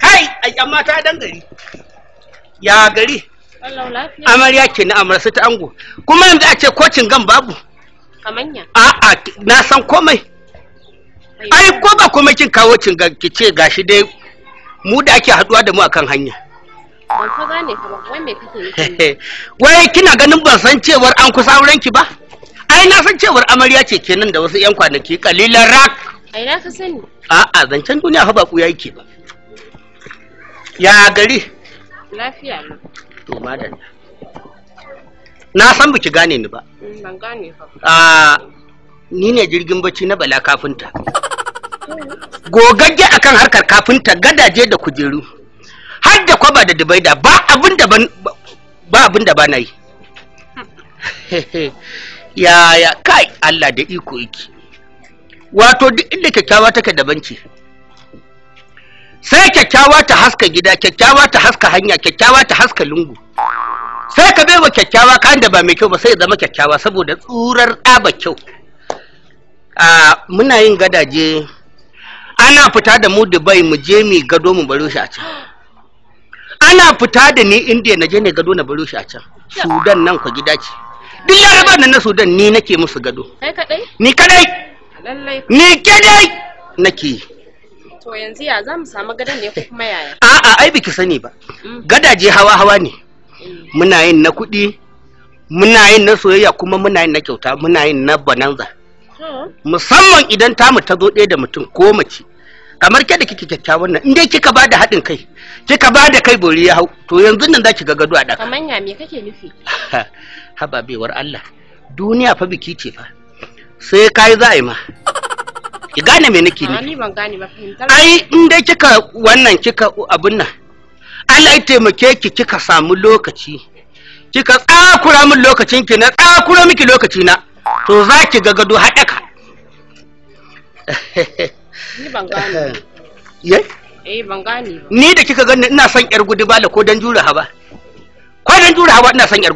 kai ai amma ta dan gari ya gari amarya ke na amarsa ta ango kuma yanzu a ce kocin gan babu kamanya a'a na san komai ai ko ba komai kin kawo cin gan ki ce gashi dai mu da ake haduwa da mu akan hanya wai wai kina ganin ban san cewar an kusa auren ki ba ai na san cewar amarya ce kenan da wasu yan kwanaki kalilan rak A ina ka sani? A'a zancen duniya fa ba ku yake ba. Ya gari? Lafiya ne. To madalla. Na san biki gane ni ba. Mm, ban gane ka. Ah ni ne jirgin bacci na Bala kafinta. Gogagge akan harkar kafinta gadaje da kujeru. Har da kwaba da dubaida ba abin da ban ba abin da ba na yi. Hmm. Ya kai Allah da iko yake. wato duk inda kyakkyawa take daban ce sai kyakkyawa ta haska gida kyakkyawa ta haska hanya kyakkyawa ta haska lungu sai ka bai wa kyakkyawa kan da ba mai kyau ba sai zama kyakkyawa saboda tsurar tsaba kyau a muna yin gadaje ana fita da mu dubai mu je mu gado mu baro shi a can ana fita da ni indiya na je ne gado na baro shi a can sudan nan ku gida ce duk larabar nan na sudan ni nake musu gado ni kadai ni kadai nake to yanzu ya za mu samu gadan ne ko kuma yaya a'a ai biki sani ba mm. gadaje hawa hawa ne mm. muna yin na kuɗi muna yin na soyayya kuma muna yin na kyauta muna yin na bananza musamman idan tamu ta zo ɗaya da mutum ko mace kamar ke kike kyakkyawan nan in kika ba da haɗin kai kika ba kai bori ya hau to yanzu nan za ki ga gado a ɗaka kamar ya me kake nufi hababewar Allah duniya fa biki ce fa sai kai za a yi ma ki gane me nake ni ni ban gane ba fahimtar ai in dai kika wannan kika abun nan Allah ya taimake ki kika samu lokaci kika tsakura min lokacin ki na tsakura miki lokaci na to za ki ga gado haɗaka ni ban gane ye eh ban gane ni da kika gani ina son yar bala ko dan jura ba. ko dan jura ba ina son yar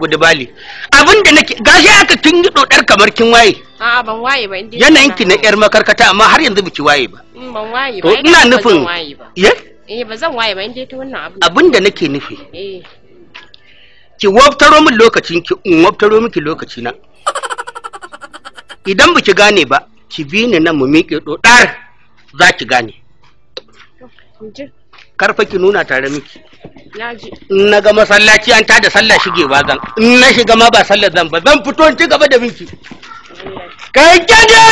Abin da nake gashi aka kin yi dodar kamar kin waye a'a ban waye ba indai. yanayin ki na yar makarkata amma har yanzu biki waye ba mm, ban waye ba ina nufin ye eh ba zan waye ba indai ta wannan abu abin da nake nufi eh. ki waftaro min lokacin ki in waftaro miki lokaci na idan biki gane ba ki bi ni nan mu miƙe dodar za ki gane karfa ki nuna tare miki na ga masallaci an tada sallah shige ba zan in na shiga ma ba sallar zan ba zan fito ci gaba da binki kai gidi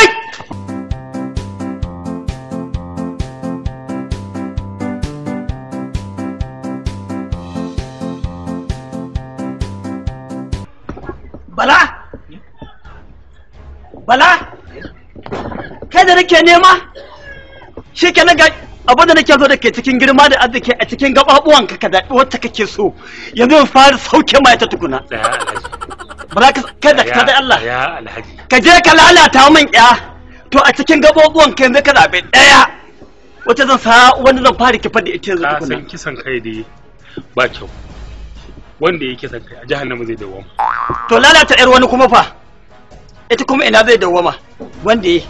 bala bala kai da nake nema shi ke na abinda da nake zo da ke cikin girma da arziki a cikin gababuwan ka ka zaɓi wacce kake so yanzu fara sauke ma ta tukuna ba za ka kada ka da Allah ka je ka lalata min ya to a cikin gababuwan ka yanzu ka zaɓi ɗaya wacce zan sa wani zan fara kifa da ita yanzu tukuna san kisan kai dai ba kyau wanda yake kisan kai a jahannama zai dawoma to lalata yar wani kuma fa ita kuma ina zai dawoma wanda ya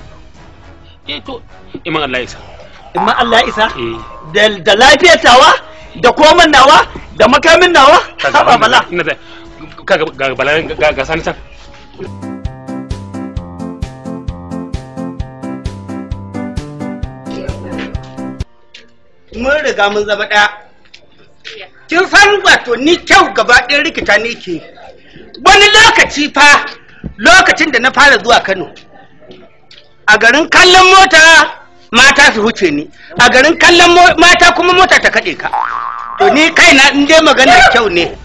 eh to imam Allah ya sa in Allah isa eh. da lafiyar tawa da koman nawa da makamin nawa haba bala ga bala ga sani mun riga mun zama ɗaya kin san wato ni kyau gaba ɗin rikita ne ke wani lokaci fa lokacin da na fara zuwa kano a garin kallon mota mata su huce ni a garin kallon mata kuma mota ta kaɗe ka to ni kaina in dai magana kyau ne